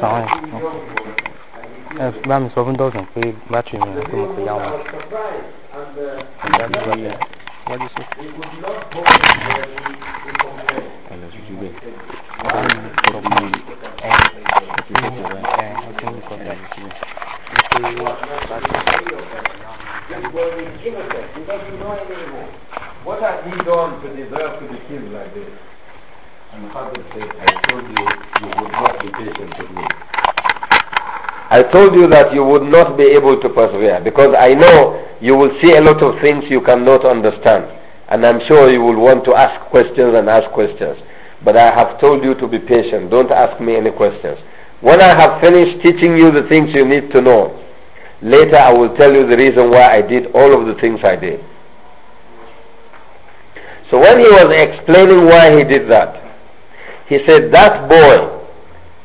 Sorry. What done to deserve to be killed like this? said, I told you you would not be patient with me. I told you that you would not be able to persevere because I know you will see a lot of things you cannot understand. And I'm sure you will want to ask questions and ask questions. But I have told you to be patient. Don't ask me any questions. When I have finished teaching you the things you need to know, later I will tell you the reason why I did all of the things I did. So when he was explaining why he did that, he said, that boy,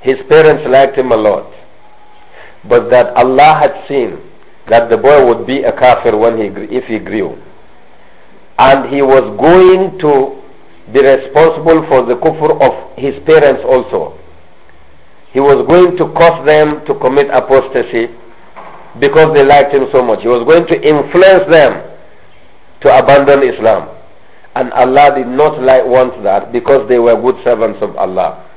his parents liked him a lot. But that Allah had seen that the boy would be a kafir when he, if he grew. And he was going to be responsible for the kufr of his parents also. He was going to cause them to commit apostasy because they liked him so much. He was going to influence them to abandon Islam and Allah did not like, want that because they were good servants of Allah.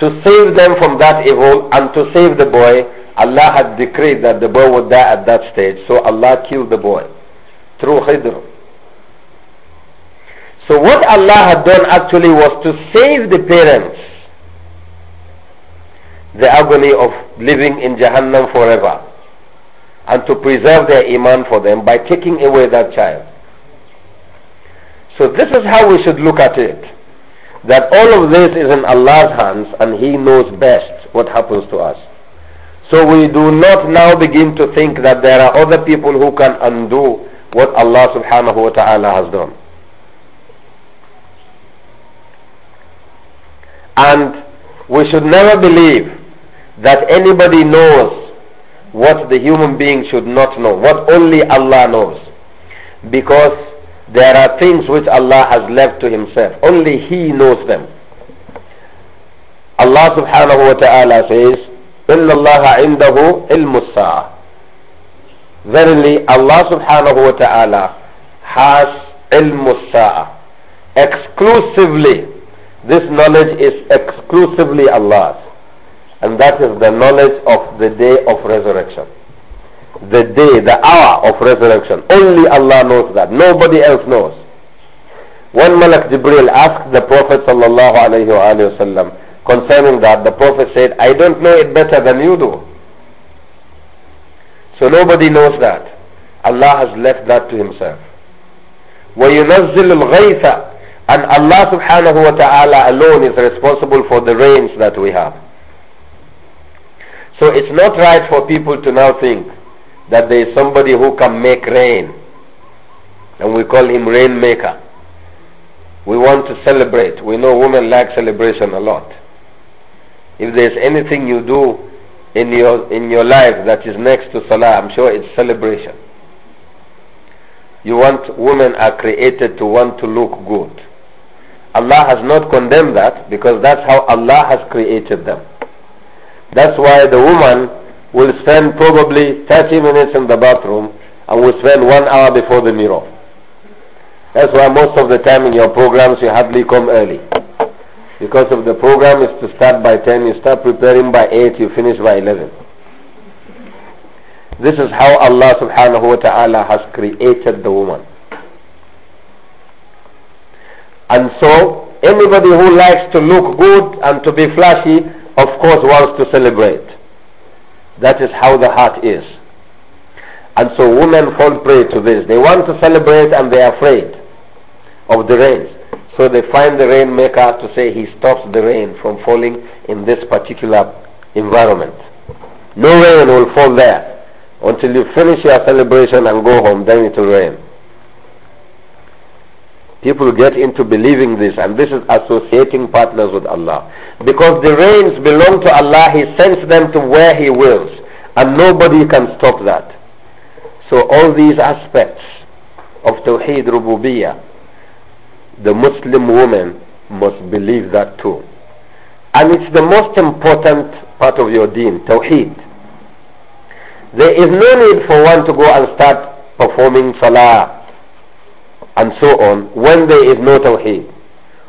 To save them from that evil and to save the boy, Allah had decreed that the boy would die at that stage. So Allah killed the boy through Hidr. So what Allah had done actually was to save the parents the agony of living in Jahannam forever and to preserve their iman for them by taking away that child. So this is how we should look at it. That all of this is in Allah's hands and He knows best what happens to us. So we do not now begin to think that there are other people who can undo what Allah subhanahu wa ta'ala has done. And we should never believe that anybody knows what the human being should not know, what only Allah knows. Because there are things which Allah has left to Himself. Only He knows them. Allah subhanahu wa ta'ala says, إِنَّ اللَّهَ عِنْدَهُ عِلْمُ Verily, Allah subhanahu wa ta'ala has ilmussa. Exclusively, this knowledge is exclusively Allah's. And that is the knowledge of the day of resurrection the day, the hour of resurrection. Only Allah knows that. Nobody else knows. When Malak Jibril asked the Prophet sallallahu concerning that, the Prophet said, I don't know it better than you do. So nobody knows that. Allah has left that to himself. وَيُنَزِّلُ الْغَيْثَ And Allah subhanahu wa ta'ala alone is responsible for the rains that we have. So it's not right for people to now think that there is somebody who can make rain, and we call him rainmaker. We want to celebrate. We know women like celebration a lot. If there's anything you do in your in your life that is next to salah, I'm sure it's celebration. You want women are created to want to look good. Allah has not condemned that because that's how Allah has created them. That's why the woman will spend probably 30 minutes in the bathroom and will spend one hour before the mirror. That's why most of the time in your programs you hardly come early. Because if the program is to start by 10, you start preparing by 8, you finish by 11. This is how Allah subhanahu wa ta'ala has created the woman. And so, anybody who likes to look good and to be flashy, of course wants to celebrate. That is how the heart is. And so women fall prey to this. They want to celebrate and they are afraid of the rains. So they find the rainmaker to say he stops the rain from falling in this particular environment. No rain will fall there until you finish your celebration and go home, then it will rain. People get into believing this and this is associating partners with Allah. Because the rains belong to Allah, He sends them to where He wills and nobody can stop that. So all these aspects of Tawheed Rububiyyah, the Muslim woman must believe that too. And it's the most important part of your deen, Tawheed. There is no need for one to go and start performing Salah and so on when there is no Tawheed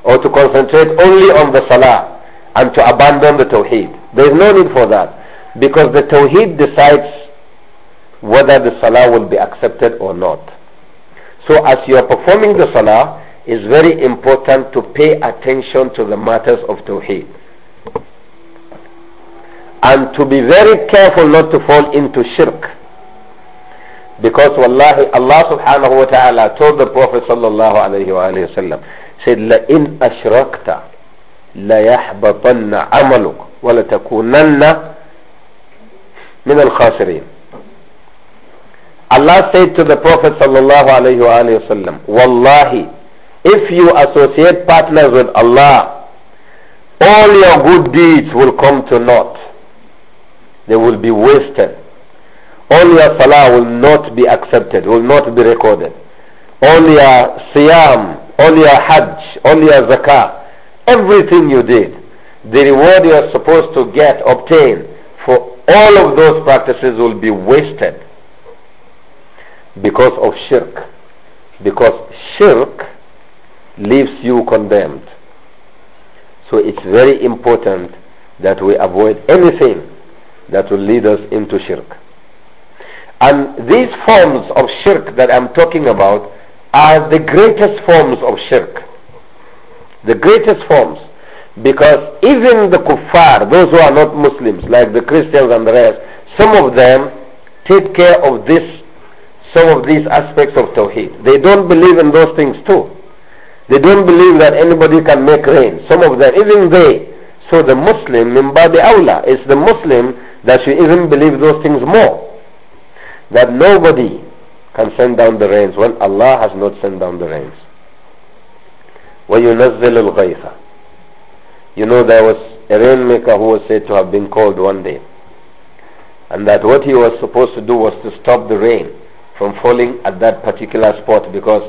or to concentrate only on the Salah and to abandon the Tawheed. There is no need for that because the Tawheed decides whether the Salah will be accepted or not. So as you are performing the Salah, it's very important to pay attention to the matters of Tawheed and to be very careful not to fall into shirk because wallahi, Allah subhanahu wa ta'ala told the Prophet sallallahu alayhi wa alayhi wa sallam, said, لَإِنْ أَشْرَكْتَ لَيَحْبَطَنَّ عَمَلُكَ وَلَتَكُونَنَّ مِنَ الْخَاسِرِينَ Allah said to the Prophet sallallahu alayhi wa alayhi wa sallam, Wallahi, if you associate partners with Allah, all your good deeds will come to naught. They will be wasted all your salah will not be accepted, will not be recorded. All your siyam, all your hajj, all your zakah, everything you did, the reward you are supposed to get, obtain for all of those practices will be wasted because of shirk. Because shirk leaves you condemned. So it's very important that we avoid anything that will lead us into shirk. And these forms of shirk that I'm talking about are the greatest forms of shirk. The greatest forms. Because even the kuffar, those who are not Muslims, like the Christians and the rest, some of them take care of this, some of these aspects of Tawheed. They don't believe in those things too. They don't believe that anybody can make rain. Some of them, even they. So the Muslim, Mimbabi Awla, it's the Muslim that should even believe those things more that nobody can send down the rains when Allah has not sent down the rains. وَيُنَزِّلُ الْغَيْثَ You know there was a rainmaker who was said to have been called one day and that what he was supposed to do was to stop the rain from falling at that particular spot because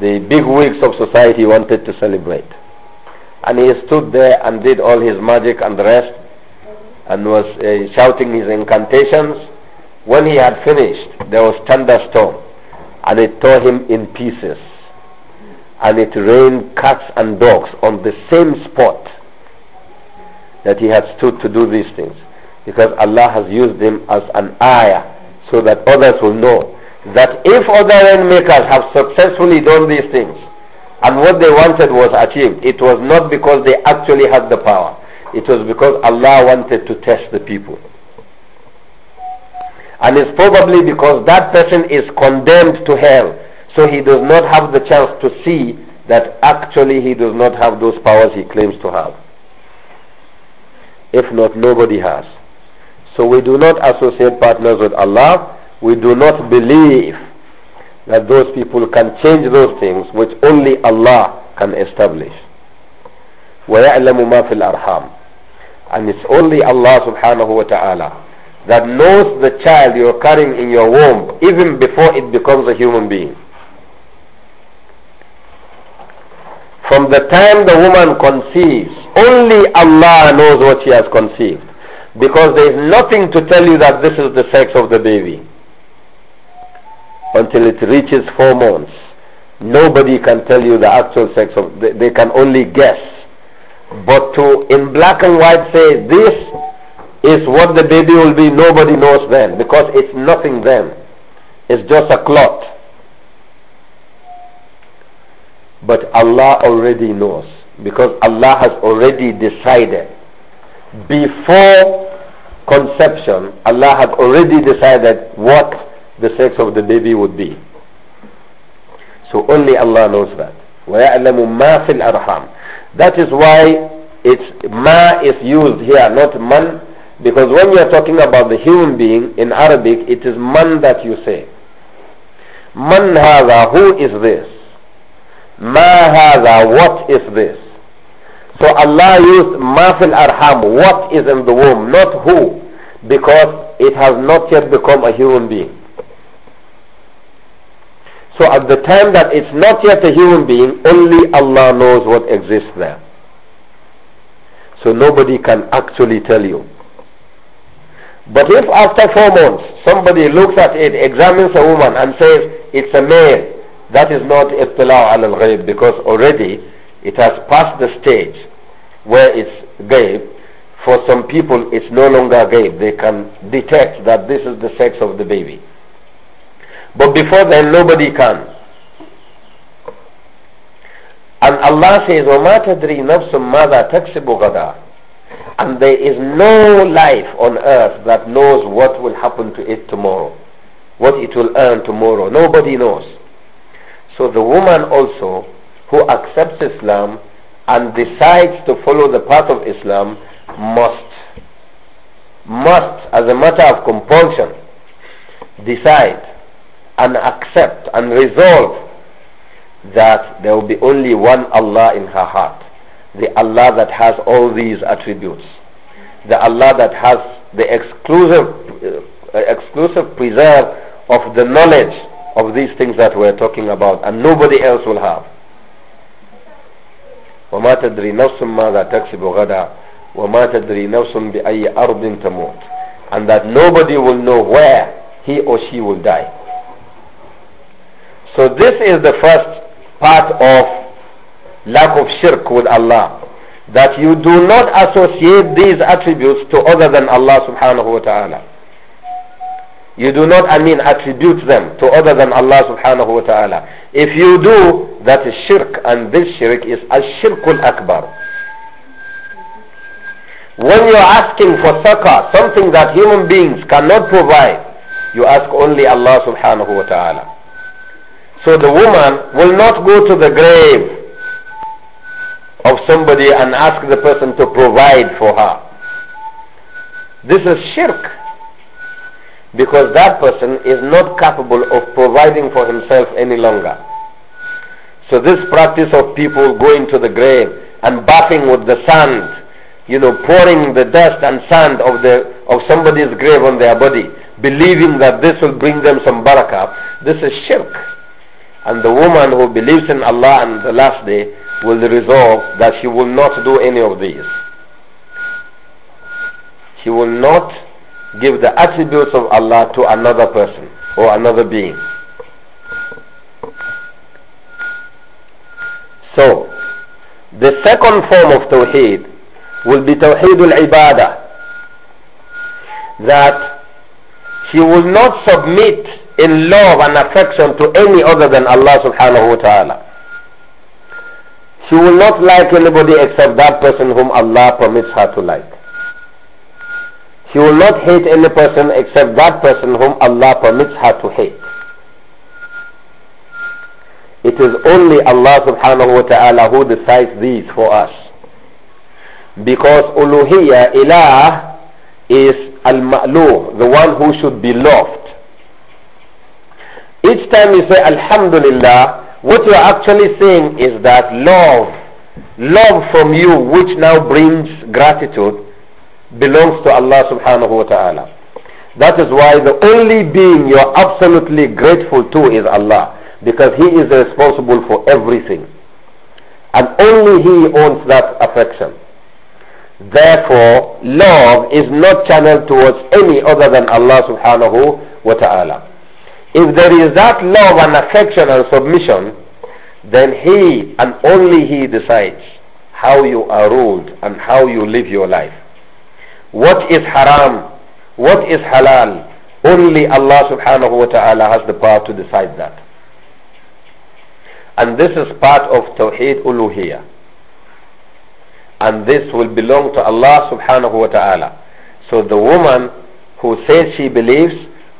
the big wigs of society wanted to celebrate. And he stood there and did all his magic and the rest and was uh, shouting his incantations when he had finished, there was thunderstorm, and it tore him in pieces. And it rained cats and dogs on the same spot that he had stood to do these things. Because Allah has used him as an ayah so that others will know that if other rainmakers have successfully done these things and what they wanted was achieved, it was not because they actually had the power. It was because Allah wanted to test the people. And it's probably because that person is condemned to hell. So he does not have the chance to see that actually he does not have those powers he claims to have. If not, nobody has. So we do not associate partners with Allah. We do not believe that those people can change those things which only Allah can establish. وَيَعْلَمُ مَا فِي الْأَرْحَامِ And it's only Allah subhanahu wa ta'ala that knows the child you're carrying in your womb even before it becomes a human being. From the time the woman conceives, only Allah knows what she has conceived. Because there is nothing to tell you that this is the sex of the baby. Until it reaches four months. Nobody can tell you the actual sex of, they, they can only guess. But to, in black and white, say this is what the baby will be, nobody knows then because it's nothing then. It's just a clot. But Allah already knows because Allah has already decided. Before conception, Allah had already decided what the sex of the baby would be. So only Allah knows that. وَيَعْلَمُ مَا فِي الْأَرْحَامِ That is why it's ma is used here, not man because when you are talking about the human being in Arabic, it is man that you say. Man hadha, who is this? Ma hadha, what is this? So Allah used ma arham, what is in the womb, not who, because it has not yet become a human being. So at the time that it's not yet a human being, only Allah knows what exists there. So nobody can actually tell you. But if after four months somebody looks at it, examines a woman and says it's a male, that is not ittila' al ghaib because already it has passed the stage where it's ghaib. For some people it's no longer ghaib. They can detect that this is the sex of the baby. But before then nobody can. And Allah says, وَمَا تَدْرِي نَفْسٌ مَاذَا تَكْسِبُ غَدًا and there is no life on earth that knows what will happen to it tomorrow, what it will earn tomorrow. Nobody knows. So the woman also who accepts Islam and decides to follow the path of Islam must, must, as a matter of compulsion, decide and accept and resolve that there will be only one Allah in her heart the Allah that has all these attributes, the Allah that has the exclusive, uh, exclusive preserve of the knowledge of these things that we're talking about, and nobody else will have. وما تدري نفس ماذا تكسب غدا وما تدري نفس بأي أرض تموت and that nobody will know where he or she will die. So this is the first part of lack of shirk with Allah, that you do not associate these attributes to other than Allah subhanahu wa ta'ala. You do not, I mean, attribute them to other than Allah subhanahu wa ta'ala. If you do, that is shirk, and this shirk is ash-shirkul akbar. When you are asking for succor, something that human beings cannot provide, you ask only Allah subhanahu wa ta'ala. So the woman will not go to the grave of somebody and ask the person to provide for her. This is shirk because that person is not capable of providing for himself any longer. So this practice of people going to the grave and bathing with the sand, you know, pouring the dust and sand of the of somebody's grave on their body, believing that this will bring them some barakah, this is shirk. And the woman who believes in Allah and the last day will resolve that he will not do any of these. He will not give the attributes of Allah to another person or another being. So, the second form of Tawheed will be Tawheed al-Ibadah. That he will not submit in love and affection to any other than Allah subhanahu wa ta'ala. She will not like anybody except that person whom Allah permits her to like. She will not hate any person except that person whom Allah permits her to hate. It is only Allah subhanahu wa ta'ala who decides these for us. Because uluhiyya, ilah, is al-ma'lum, the one who should be loved. Each time you say Alhamdulillah, what you are actually saying is that love, love from you which now brings gratitude, belongs to Allah subhanahu wa ta'ala. That is why the only being you are absolutely grateful to is Allah. Because He is responsible for everything. And only He owns that affection. Therefore, love is not channeled towards any other than Allah subhanahu wa ta'ala. If there is that love and affection and submission, then he and only he decides how you are ruled and how you live your life. What is haram? What is halal? Only Allah subhanahu wa ta'ala has the power to decide that. And this is part of Tawheed Uluhiyah. And this will belong to Allah subhanahu wa ta'ala. So the woman who says she believes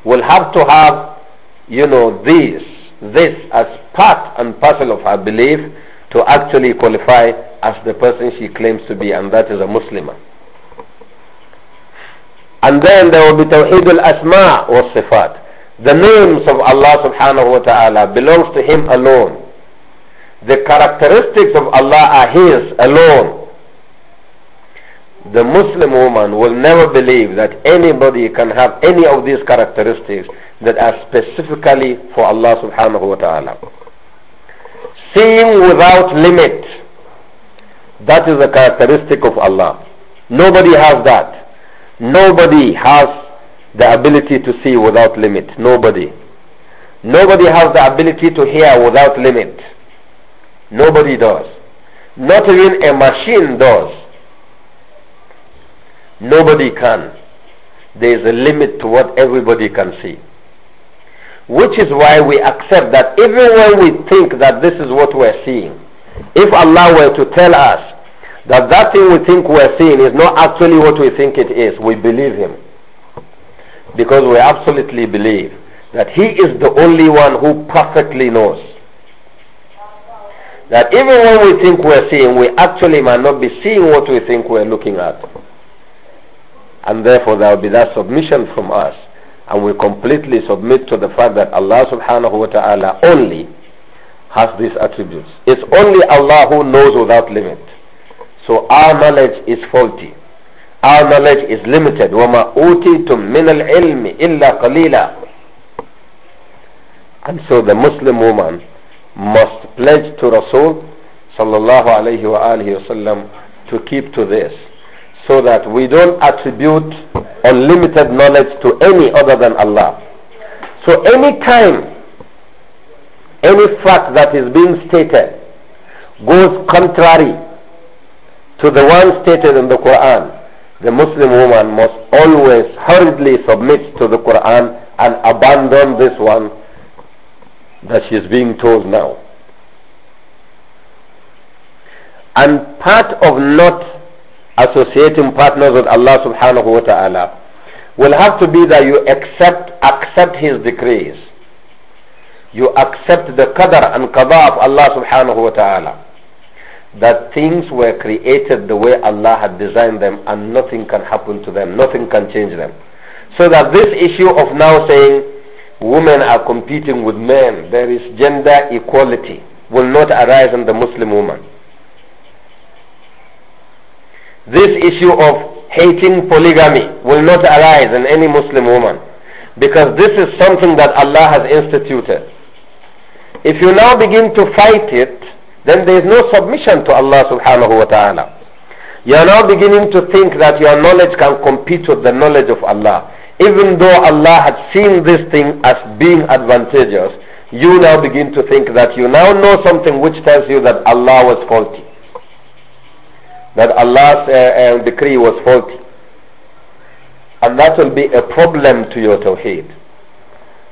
will have to have you know, this, this as part and parcel of her belief to actually qualify as the person she claims to be, and that is a Muslim. And then there will be Tawheed al-Asma or Sifat. The names of Allah subhanahu wa ta'ala belongs to Him alone. The characteristics of Allah are His alone the Muslim woman will never believe that anybody can have any of these characteristics that are specifically for Allah subhanahu wa ta'ala. Seeing without limit, that is a characteristic of Allah. Nobody has that. Nobody has the ability to see without limit. Nobody. Nobody has the ability to hear without limit. Nobody does. Not even a machine does. Nobody can. There is a limit to what everybody can see. Which is why we accept that even when we think that this is what we're seeing, if Allah were to tell us that that thing we think we're seeing is not actually what we think it is, we believe Him. Because we absolutely believe that He is the only one who perfectly knows. That even when we think we're seeing, we actually might not be seeing what we think we're looking at and therefore there will be that submission from us and we completely submit to the fact that Allah subhanahu wa ta'ala only has these attributes. It's only Allah who knows without limit. So our knowledge is faulty. Our knowledge is limited. وَمَا أُوتِيتُم مِّنَ الْعِلْمِ إِلَّا قَلِيلًا And so the Muslim woman must pledge to Rasul sallallahu alayhi wa alihi wasallam to keep to this so that we don't attribute unlimited knowledge to any other than Allah. So any time any fact that is being stated goes contrary to the one stated in the Quran, the Muslim woman must always hurriedly submit to the Quran and abandon this one that she is being told now. And part of not associating partners with Allah subhanahu wa ta'ala will have to be that you accept accept his decrees. You accept the qadr and qada of Allah subhanahu wa ta'ala. That things were created the way Allah had designed them and nothing can happen to them, nothing can change them. So that this issue of now saying women are competing with men, there is gender equality, will not arise in the Muslim woman this issue of hating polygamy will not arise in any Muslim woman because this is something that Allah has instituted. If you now begin to fight it, then there is no submission to Allah subhanahu wa ta'ala. You are now beginning to think that your knowledge can compete with the knowledge of Allah. Even though Allah had seen this thing as being advantageous, you now begin to think that you now know something which tells you that Allah was faulty that Allah's uh, uh, decree was faulty. And that will be a problem to your tawheed.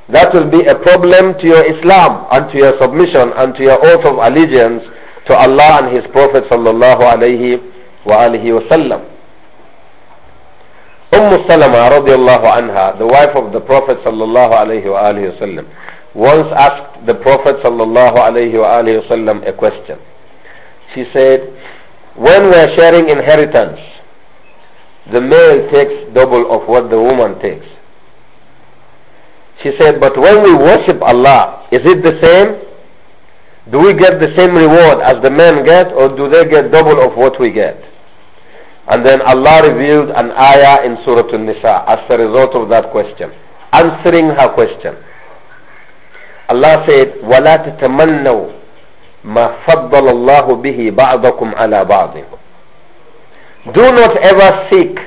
That will be a problem to your Islam and to your submission and to your oath of allegiance to Allah and His Prophet sallallahu alayhi wa alihi wasallam. Umm Salama radiallahu anha, the wife of the Prophet sallallahu alayhi wa alihi wasallam, once asked the Prophet sallallahu alayhi wa alihi wasallam a question. She said, when we are sharing inheritance, the male takes double of what the woman takes. She said, but when we worship Allah, is it the same? Do we get the same reward as the men get or do they get double of what we get? And then Allah revealed an ayah in Surah An-Nisa as a result of that question, answering her question. Allah said, وَلَا تَتَمَنَّوْا مَا فَضَّلَ اللَّهُ بِهِ بَعْضَكُمْ عَلَى بَعْضٍ Do not ever seek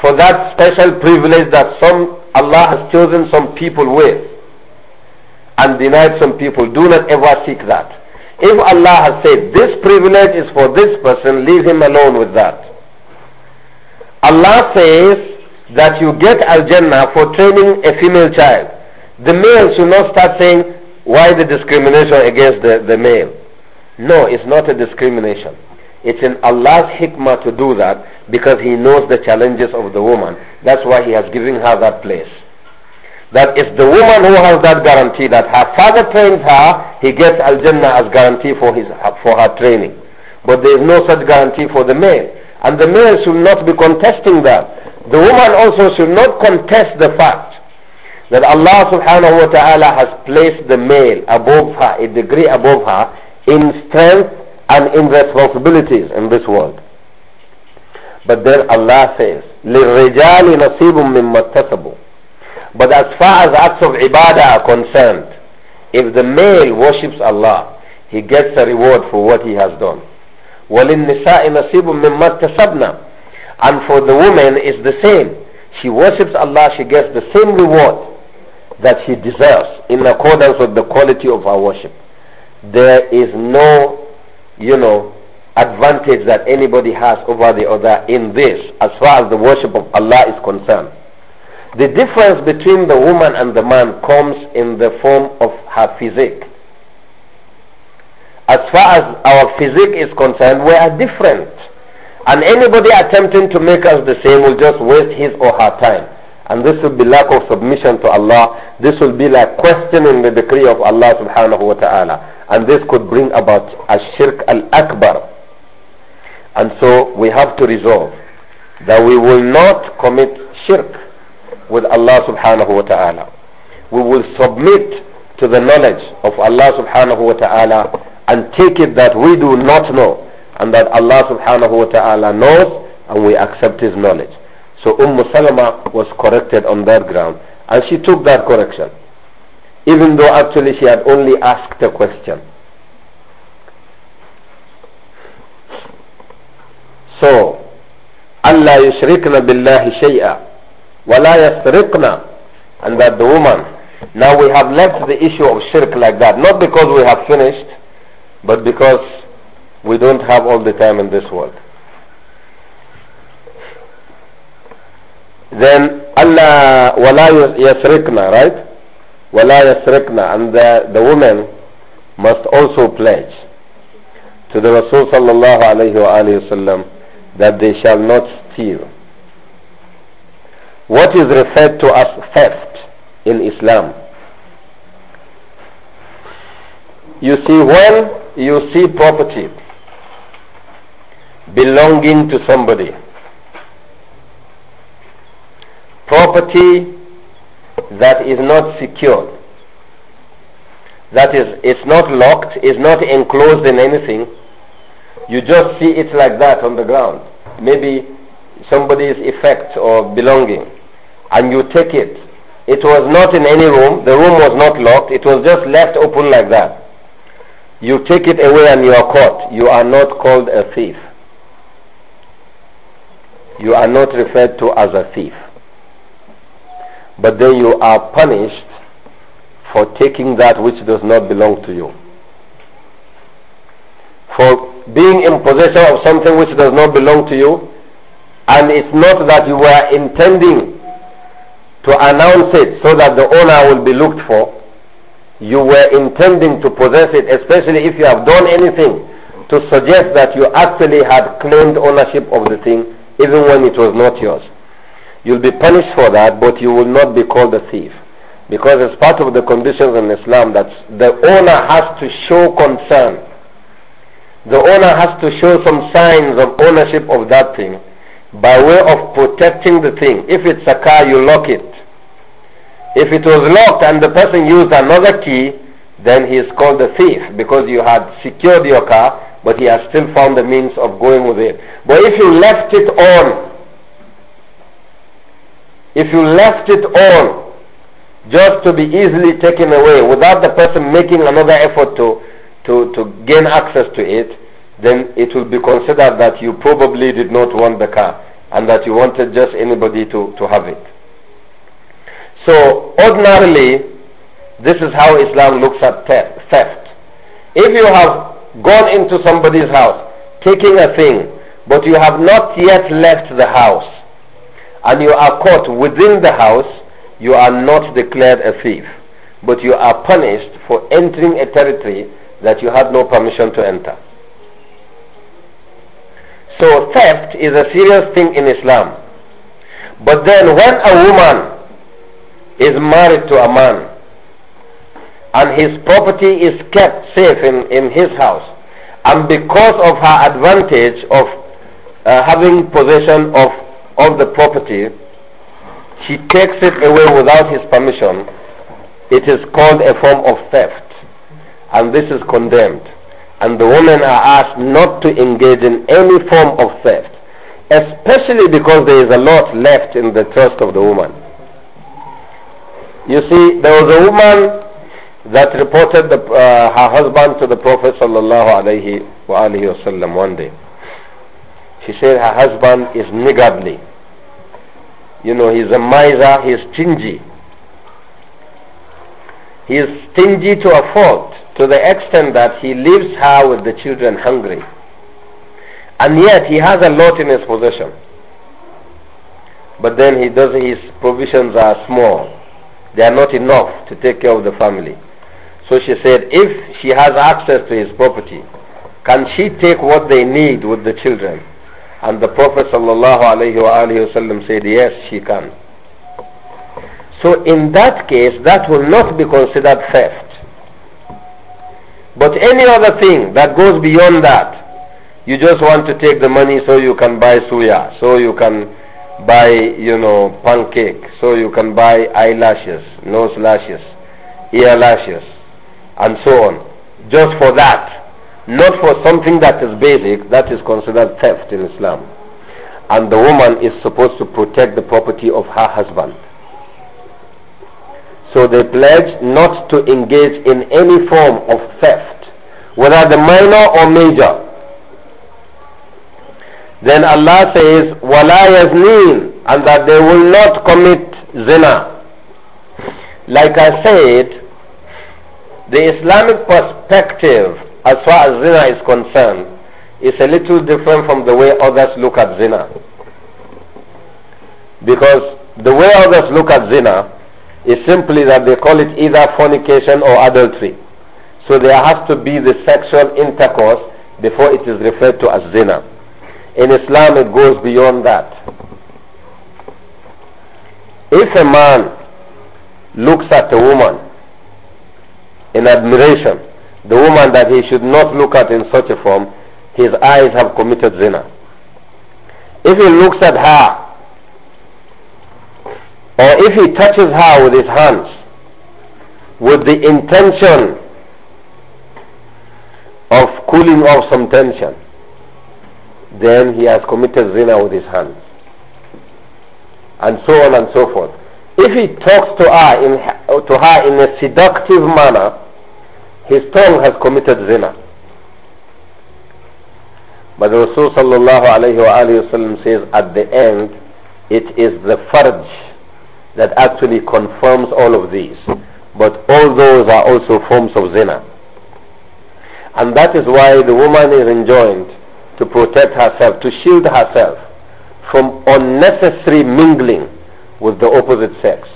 for that special privilege that some Allah has chosen some people with and denied some people. Do not ever seek that. If Allah has said this privilege is for this person, leave him alone with that. Allah says that you get Al Jannah for training a female child. The male should not start saying, why the discrimination against the, the male? No, it's not a discrimination. It's in Allah's hikmah to do that because He knows the challenges of the woman. That's why He has given her that place. That is the woman who has that guarantee that her father trains her, he gets Al Jannah as guarantee for, his, for her training. But there is no such guarantee for the male. And the male should not be contesting that. The woman also should not contest the fact that Allah subhanahu wa ta'ala has placed the male above her, a degree above her, in strength and in responsibilities in this world. But then Allah says, لِلْرِجَالِ نَصِيبٌ مِمَّا اكْتَسَبُوا But as far as acts of ibadah are concerned, if the male worships Allah, he gets a reward for what he has done. وَلِلنِّسَاءِ نَصِيبٌ مِمَّا اكْتَسَبْنَا And for the woman, it's the same. She worships Allah, she gets the same reward that he deserves in accordance with the quality of our worship. There is no, you know, advantage that anybody has over the other in this as far as the worship of Allah is concerned. The difference between the woman and the man comes in the form of her physique. As far as our physique is concerned, we are different. And anybody attempting to make us the same will just waste his or her time. And this will be lack of submission to Allah. This will be like questioning the decree of Allah subhanahu wa ta'ala. And this could bring about a shirk al-akbar. And so we have to resolve that we will not commit shirk with Allah subhanahu wa ta'ala. We will submit to the knowledge of Allah subhanahu wa ta'ala and take it that we do not know and that Allah subhanahu wa ta'ala knows and we accept his knowledge. So Umm Salama was corrected on that ground. And she took that correction. Even though actually she had only asked a question. So, Allah yushrikna billahi shay'a walā la and that the woman now we have left the issue of shirk like that, not because we have finished, but because we don't have all the time in this world. Then Allah wala yasrikna, right? Wala yasrikna, and the, the woman must also pledge to the Rasul sallallahu alayhi wa that they shall not steal. What is referred to as theft in Islam? You see, when you see property belonging to somebody, property that is not secured, that is, it's not locked, it's not enclosed in anything. You just see it like that on the ground. Maybe somebody's effect or belonging. And you take it. It was not in any room. The room was not locked. It was just left open like that. You take it away and you are caught. You are not called a thief. You are not referred to as a thief but then you are punished for taking that which does not belong to you. For being in possession of something which does not belong to you, and it's not that you were intending to announce it so that the owner will be looked for. You were intending to possess it, especially if you have done anything to suggest that you actually had claimed ownership of the thing, even when it was not yours. You'll be punished for that, but you will not be called a thief. Because it's part of the conditions in Islam that the owner has to show concern. The owner has to show some signs of ownership of that thing by way of protecting the thing. If it's a car, you lock it. If it was locked and the person used another key, then he is called a thief because you had secured your car, but he has still found the means of going with it. But if you left it on if you left it all just to be easily taken away without the person making another effort to, to, to gain access to it, then it will be considered that you probably did not want the car and that you wanted just anybody to, to have it. So ordinarily, this is how Islam looks at theft. If you have gone into somebody's house, taking a thing, but you have not yet left the house, and you are caught within the house, you are not declared a thief, but you are punished for entering a territory that you had no permission to enter. So theft is a serious thing in Islam. But then when a woman is married to a man and his property is kept safe in, in his house and because of her advantage of uh, having possession of of the property, he takes it away without his permission, it is called a form of theft. And this is condemned. And the women are asked not to engage in any form of theft, especially because there is a lot left in the trust of the woman. You see, there was a woman that reported the, uh, her husband to the Prophet sallallahu one day. She said her husband is niggardly. You know, he's a miser, he's stingy. He is stingy to a fault, to the extent that he leaves her with the children hungry. And yet he has a lot in his possession. But then he does his provisions are small. They are not enough to take care of the family. So she said, if she has access to his property, can she take what they need with the children? And the Prophet ﷺ said, yes, she can. So in that case, that will not be considered theft. But any other thing that goes beyond that, you just want to take the money so you can buy suya, so you can buy, you know, pancake, so you can buy eyelashes, nose lashes, ear lashes, and so on. Just for that not for something that is basic, that is considered theft in Islam. And the woman is supposed to protect the property of her husband. So they pledge not to engage in any form of theft, whether the minor or major. Then Allah says, وَلَا يَزْنِينَ And that they will not commit zina. Like I said, the Islamic perspective as far as zina is concerned is a little different from the way others look at zina. Because the way others look at zina is simply that they call it either fornication or adultery. So there has to be the sexual intercourse before it is referred to as zina. In Islam it goes beyond that. If a man looks at a woman in admiration the woman that he should not look at in such a form, his eyes have committed zina. If he looks at her, or if he touches her with his hands, with the intention of cooling off some tension, then he has committed zina with his hands. And so on and so forth. If he talks to her in, to her in a seductive manner, his tongue has committed zina. But the Rasul sallallahu alayhi wa says at the end, it is the farj that actually confirms all of these. But all those are also forms of zina. And that is why the woman is enjoined to protect herself, to shield herself from unnecessary mingling with the opposite sex.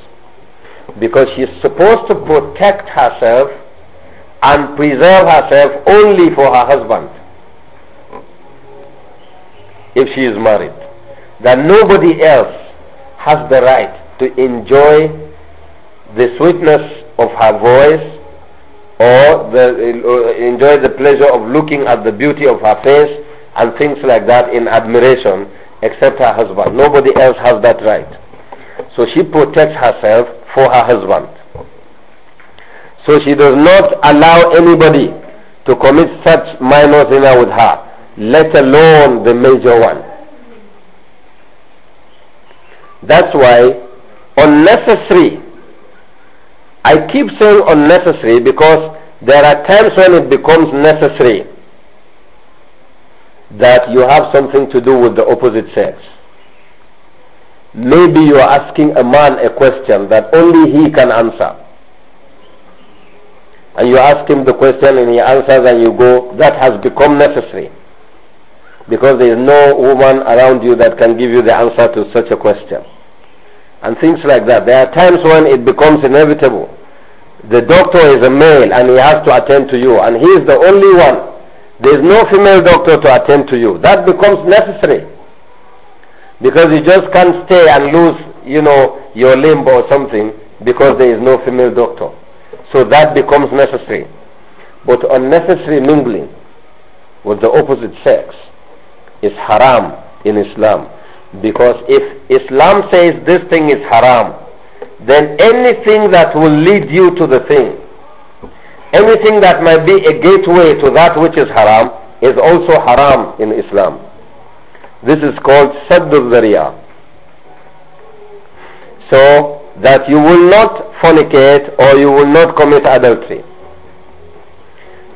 Because she is supposed to protect herself and preserve herself only for her husband if she is married. That nobody else has the right to enjoy the sweetness of her voice or the, uh, enjoy the pleasure of looking at the beauty of her face and things like that in admiration except her husband. Nobody else has that right. So she protects herself for her husband. So she does not allow anybody to commit such minor zina with her, let alone the major one. That's why unnecessary, I keep saying unnecessary because there are times when it becomes necessary that you have something to do with the opposite sex. Maybe you are asking a man a question that only he can answer and you ask him the question and he answers and you go, that has become necessary. Because there is no woman around you that can give you the answer to such a question. And things like that. There are times when it becomes inevitable. The doctor is a male and he has to attend to you and he is the only one. There is no female doctor to attend to you. That becomes necessary. Because you just can't stay and lose, you know, your limb or something because there is no female doctor. So that becomes necessary. But unnecessary mingling with the opposite sex is haram in Islam. Because if Islam says this thing is haram, then anything that will lead you to the thing, anything that might be a gateway to that which is haram, is also haram in Islam. This is called Saddul Dariya. So, that you will not fornicate or you will not commit adultery.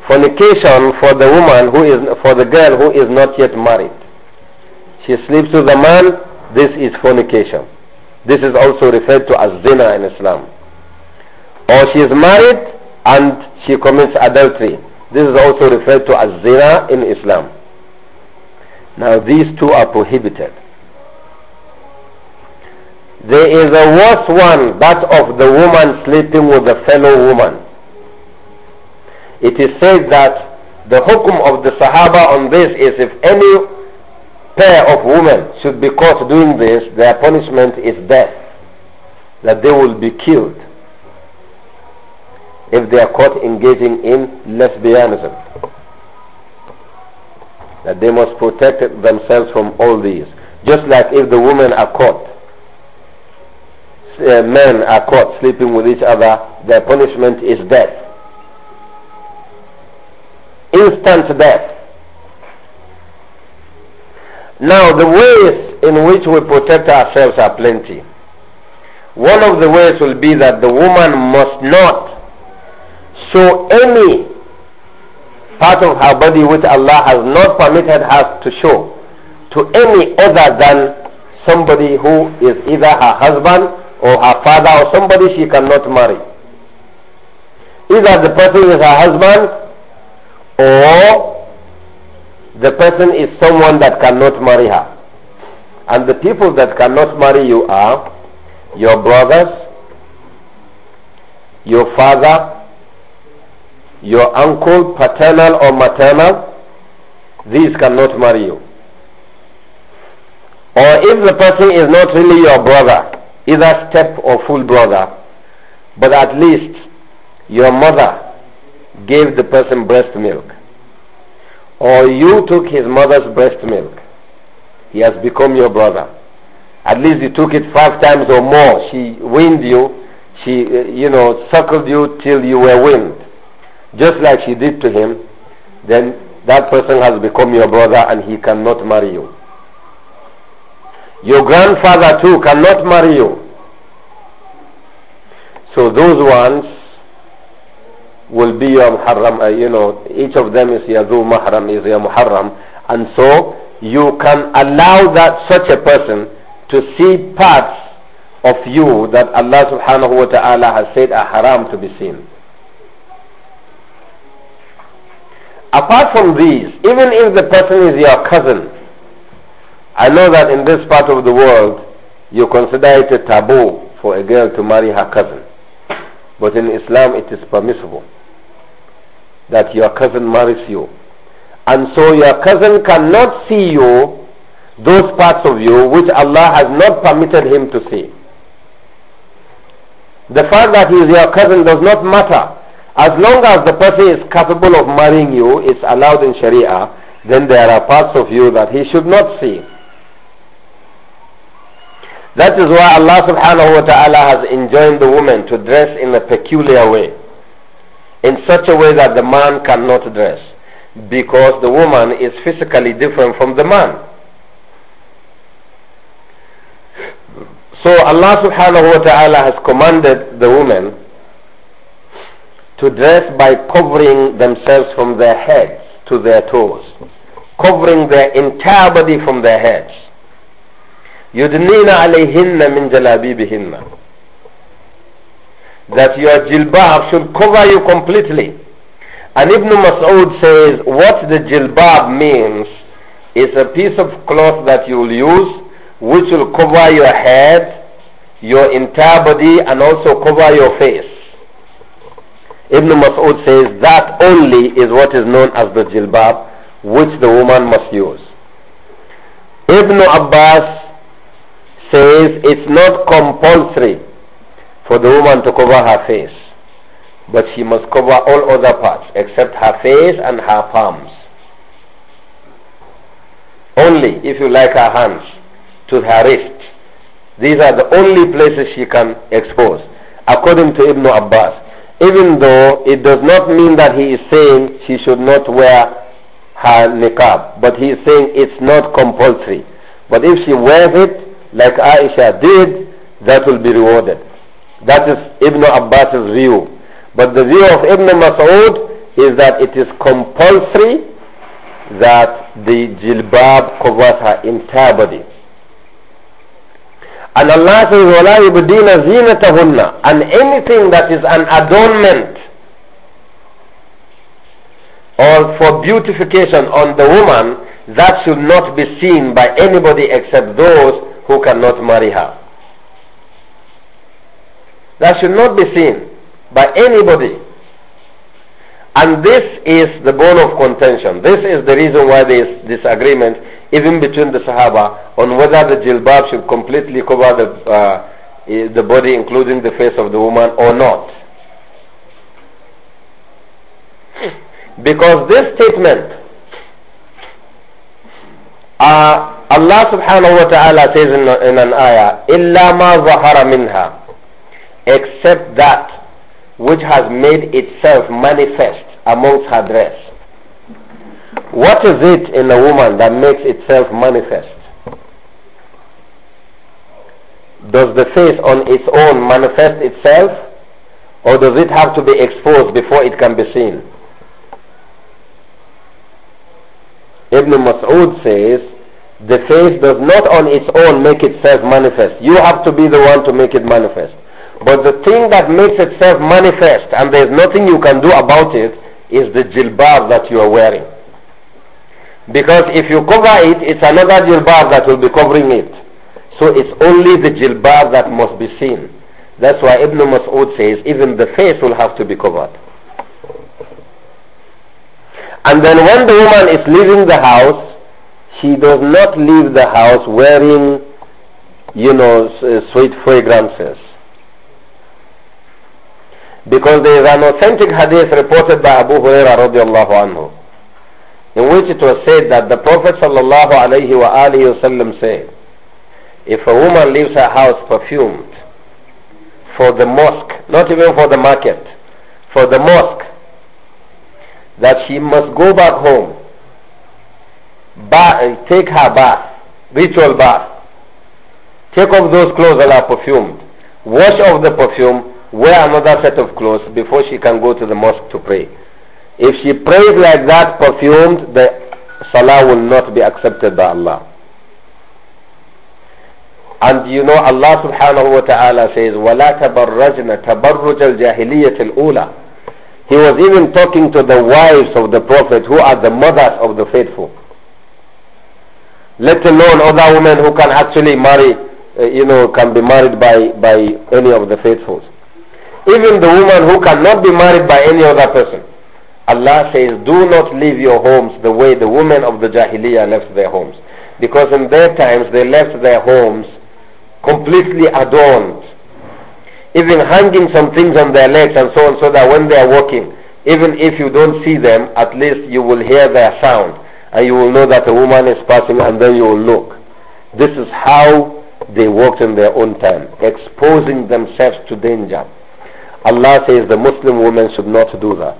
Fornication for the woman who is for the girl who is not yet married. She sleeps with a man, this is fornication. This is also referred to as zina in Islam. Or she is married and she commits adultery. This is also referred to as zina in Islam. Now these two are prohibited. There is a worse one, that of the woman sleeping with a fellow woman. It is said that the hukum of the Sahaba on this is if any pair of women should be caught doing this, their punishment is death, that they will be killed if they are caught engaging in lesbianism. That they must protect themselves from all these. Just like if the women are caught uh, men are caught sleeping with each other, their punishment is death. Instant death. Now, the ways in which we protect ourselves are plenty. One of the ways will be that the woman must not show any part of her body which Allah has not permitted her to show to any other than somebody who is either her husband or her father or somebody she cannot marry. Either the person is her husband or the person is someone that cannot marry her. And the people that cannot marry you are your brothers, your father, your uncle, paternal or maternal, these cannot marry you. Or if the person is not really your brother, either step or full brother, but at least your mother gave the person breast milk, or you took his mother's breast milk, he has become your brother. At least you took it five times or more. She weaned you, she, uh, you know, suckled you till you were weaned, just like she did to him, then that person has become your brother and he cannot marry you. Your grandfather too cannot marry you. So those ones will be your muharram, uh, you know, each of them is yadu dhu mahram, is your muharram. And so you can allow that such a person to see parts of you that Allah subhanahu wa ta'ala has said are haram to be seen. Apart from these, even if the person is your cousin, I know that in this part of the world, you consider it a taboo for a girl to marry her cousin. But in Islam, it is permissible that your cousin marries you. And so your cousin cannot see you, those parts of you which Allah has not permitted him to see. The fact that he is your cousin does not matter. As long as the person is capable of marrying you, it's allowed in Sharia, then there are parts of you that he should not see. That is why Allah subhanahu wa ta'ala has enjoined the woman to dress in a peculiar way. In such a way that the man cannot dress. Because the woman is physically different from the man. So Allah subhanahu wa ta'ala has commanded the women to dress by covering themselves from their heads to their toes. Covering their entire body from their heads. يُدْنِينَ عَلَيْهِنَّ مِنْ جَلَابِيبِهِنَّ That your jilbab should cover you completely. And Ibn Mas'ud says, what the jilbab means is a piece of cloth that you will use which will cover your head, your entire body and also cover your face. Ibn Mas'ud says that only is what is known as the jilbab which the woman must use. Ibn Abbas says it's not compulsory for the woman to cover her face, but she must cover all other parts except her face and her palms. Only, if you like, her hands to her wrists. These are the only places she can expose, according to Ibn Abbas. Even though it does not mean that he is saying she should not wear her niqab, but he is saying it's not compulsory. But if she wears it, like Aisha did, that will be rewarded. That is Ibn Abbas's view. But the view of Ibn Mas'ud is that it is compulsory that the jilbab covers her entire body. And Allah says, وَلَا يُبْدِينَ زِينَتَهُنَّ And anything that is an adornment or for beautification on the woman, that should not be seen by anybody except those who cannot marry her. That should not be seen by anybody. And this is the bone of contention. This is the reason why there is disagreement even between the Sahaba on whether the jilbab should completely cover the, uh, eh, the body including the face of the woman or not. Because this statement uh, Allah subhanahu wa ta'ala says in, in an ayah, إِلَّا مَا ظَهَرَ مِنْهَا Except that which has made itself manifest amongst her dress. What is it in a woman that makes itself manifest? Does the face on its own manifest itself? Or does it have to be exposed before it can be seen? Ibn Mas'ud says, the faith does not on its own make itself manifest. You have to be the one to make it manifest. But the thing that makes itself manifest and there's nothing you can do about it is the jilbab that you are wearing. Because if you cover it, it's another jilbab that will be covering it. So it's only the jilbab that must be seen. That's why Ibn Mas'ud says even the face will have to be covered. And then when the woman is leaving the house, he does not leave the house wearing, you know, uh, sweet fragrances. Because there is an authentic hadith reported by Abu Huraira radiallahu anhu, in which it was said that the Prophet sallallahu alayhi wa wasallam said, if a woman leaves her house perfumed for the mosque, not even for the market, for the mosque, that she must go back home and take her bath, ritual bath. Take off those clothes that are perfumed. Wash off the perfume, wear another set of clothes before she can go to the mosque to pray. If she prays like that, perfumed, the salah will not be accepted by Allah. And you know Allah subhanahu wa ta'ala says, وَلَا تبرّجنا تَبَرُّجَ الْجَاهِلِيَّةِ الْأُولَى He was even talking to the wives of the Prophet who are the mothers of the faithful let alone other women who can actually marry, uh, you know, can be married by, by any of the faithfuls. Even the woman who cannot be married by any other person. Allah says, do not leave your homes the way the women of the Jahiliyyah left their homes. Because in their times they left their homes completely adorned. Even hanging some things on their legs and so on so that when they are walking, even if you don't see them, at least you will hear their sound and you will know that a woman is passing and then you will look. This is how they walked in their own time, exposing themselves to danger. Allah says the Muslim woman should not do that.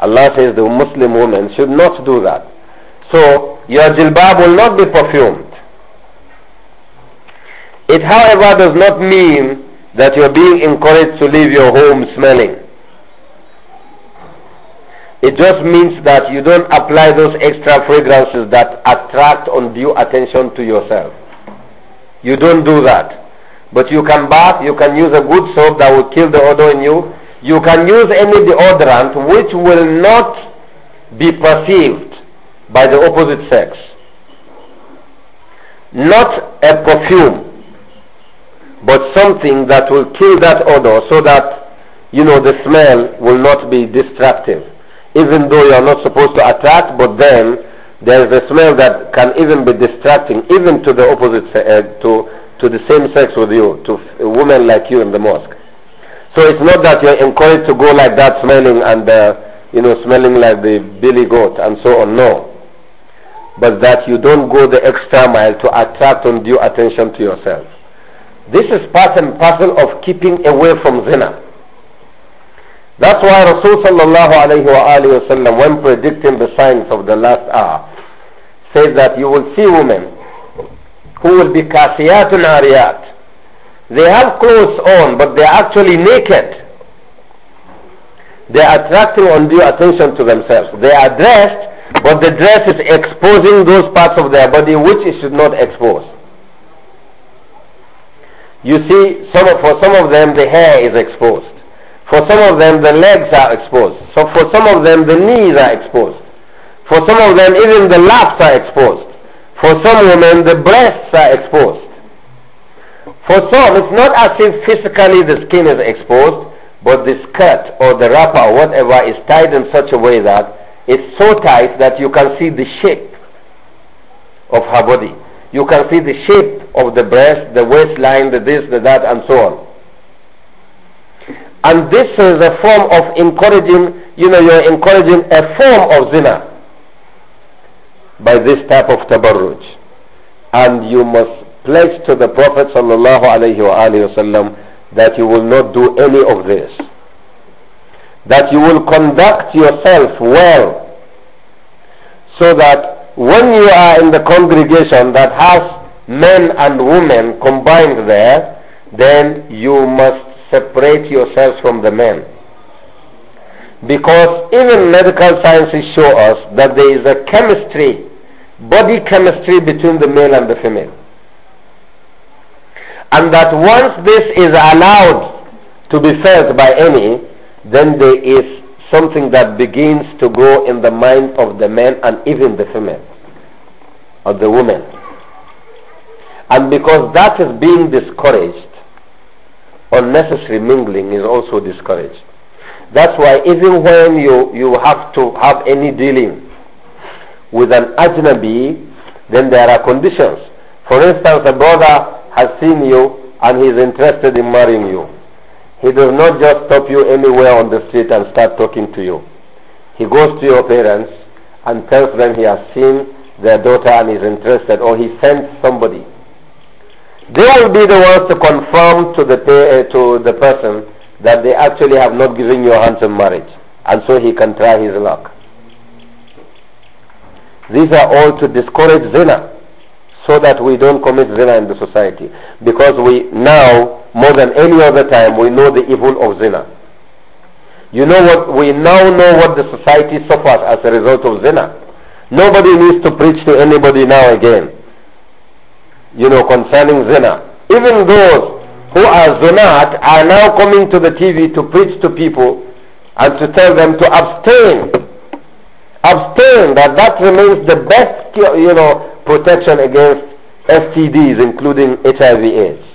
Allah says the Muslim woman should not do that. So your jilbab will not be perfumed. It however does not mean that you're being encouraged to leave your home smelling. It just means that you don't apply those extra fragrances that attract undue attention to yourself. You don't do that. But you can bath, you can use a good soap that will kill the odor in you. You can use any deodorant which will not be perceived by the opposite sex. Not a perfume, but something that will kill that odor so that, you know, the smell will not be destructive even though you are not supposed to attract, but then there is a smell that can even be distracting, even to the opposite, uh, to, to the same sex with you, to a woman like you in the mosque. So it's not that you're encouraged to go like that smelling and, uh, you know, smelling like the billy goat and so on, no. But that you don't go the extra mile to attract undue attention to yourself. This is part and parcel of keeping away from zina. That's why Rasul sallallahu alayhi wa sallam, when predicting the signs of the last hour, says that you will see women who will be kasiyatun ariyat. They have clothes on, but they're actually naked. They're attracting undue attention to themselves. They are dressed, but the dress is exposing those parts of their body which it should not expose. You see, some of, for some of them, the hair is exposed for some of them, the legs are exposed. So for some of them, the knees are exposed. For some of them, even the laps are exposed. For some women, the breasts are exposed. For some, it's not as if physically the skin is exposed, but the skirt or the wrapper or whatever is tied in such a way that it's so tight that you can see the shape of her body. You can see the shape of the breast, the waistline, the this, the that, and so on. And this is a form of encouraging, you know, you're encouraging a form of zina by this type of tabarruj. And you must pledge to the Prophet sallallahu alayhi wa that you will not do any of this. That you will conduct yourself well so that when you are in the congregation that has men and women combined there, then you must separate yourselves from the men. Because even medical sciences show us that there is a chemistry, body chemistry between the male and the female. And that once this is allowed to be felt by any, then there is something that begins to go in the mind of the man and even the female, or the woman. And because that is being discouraged, unnecessary mingling is also discouraged. That's why even when you, you have to have any dealing with an ajnabi, then there are conditions. For instance, a brother has seen you and he is interested in marrying you. He does not just stop you anywhere on the street and start talking to you. He goes to your parents and tells them he has seen their daughter and is interested, or he sends somebody they will be the ones to confirm to the, eh, to the person that they actually have not given you a handsome marriage. And so he can try his luck. These are all to discourage zina so that we don't commit zina in the society. Because we now, more than any other time, we know the evil of zina. You know what, we now know what the society suffers as a result of zina. Nobody needs to preach to anybody now again you know, concerning zina. Even those who are zunat are now coming to the TV to preach to people and to tell them to abstain. Abstain, that that remains the best, you know, protection against STDs, including HIV AIDS.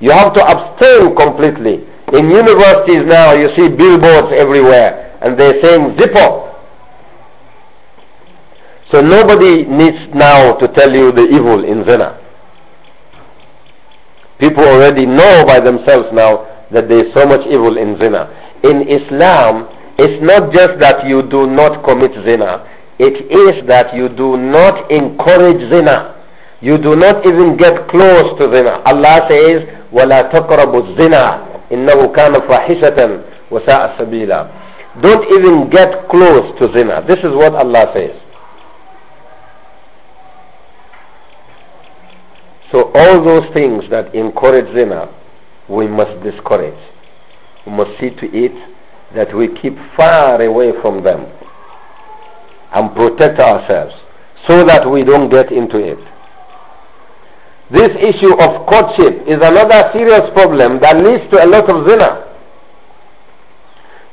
You have to abstain completely. In universities now, you see billboards everywhere, and they're saying zip up. So nobody needs now to tell you the evil in zina. People already know by themselves now that there is so much evil in zina. In Islam, it's not just that you do not commit zina, it is that you do not encourage zina. You do not even get close to zina. Allah says, وَلَا تَقْرَبُوا الزِّنَا إِنَّهُ fahishatun فَاحِشَةً وَسَاءَ سَبِيلًا Don't even get close to zina. This is what Allah says. So all those things that encourage zina, we must discourage. We must see to it that we keep far away from them and protect ourselves so that we don't get into it. This issue of courtship is another serious problem that leads to a lot of zina.